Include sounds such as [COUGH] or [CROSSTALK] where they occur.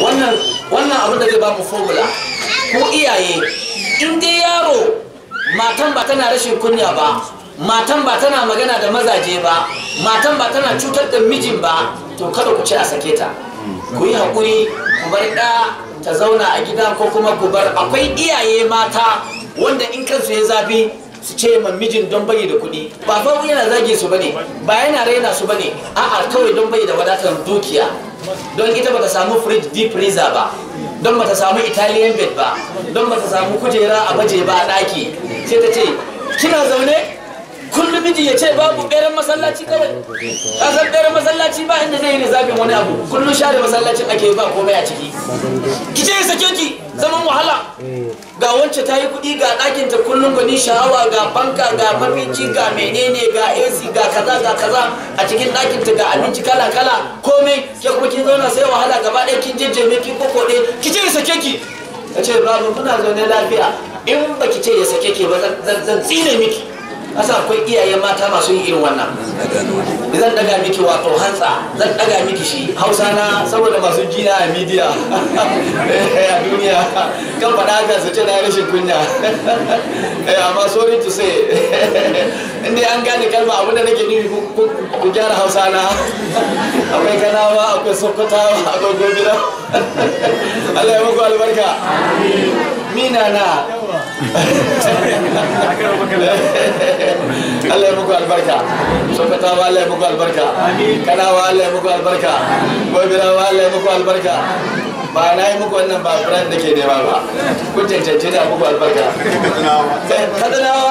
wannan abun abin da zai ba mu formula ko iyaye in dai yaro matan ba tana rashin kunya ba matan ba tana magana da mazaje ba matan ba tana cutar da mijin ba to kada ku ce a sake ta ku yi haƙuri ku bar ɗa ta zauna a gida ko kuma ku bar akwai iyaye mata wanda in kansu ya zafi su ce ma mijin don bayi da kuɗi ba fa yana zage su bane ba yana raina su bane a'a kawai don bayi da wadatar dukiya don ita bata samu fridge deep freezer ba don bata samu italian bed ba don bata samu kujera a baje ba a ɗaki sai ta ce kina zaune kullum miji ya ce babu ɓeran masallaci kawai ta san ɓeran masallaci ba inda zai yi zafin wani abu kullum share masallaci ake ba komai a ciki ki ce sake ki zaman wahala ga wacce ta yi kuɗi ga ɗakin ta kullum gwani sha'awa ga banka ga mafici ga menene ga ac ga kaza ga kaza a cikin ɗakin ta ga abinci kala kala komai ke kuma kin zauna sai wahala gaba ɗaya kin jejjeme kin koɗe ki ce ya sake ki ya ce ibrahim muna zaune lafiya in ba ki ce ya sake ki ba zan tsine miki Asa akwai iyayen mata masu yin irin wannan zan daga miki wato hantsa zan daga miki shi hausa na saboda masu jina a midiya eh, a duniya kan faɗa haka su ce na rashin kunya eh, amma sorry to say inda an gane kalma abinda nake nufi ku gyara hausa na akwai kanawa akwai sokota, akwai gobira Allah ya muku albarka mina na [LAUGHS] Allah ya muku albarka sokata b'a Allah ya muku albarka kana wa Allah ya muku albarka gobira b'a Allah ya muku albarka ba na yi muku wannan ba furan da ke nema ba kun cancanci da muku albarka kadanawa eh,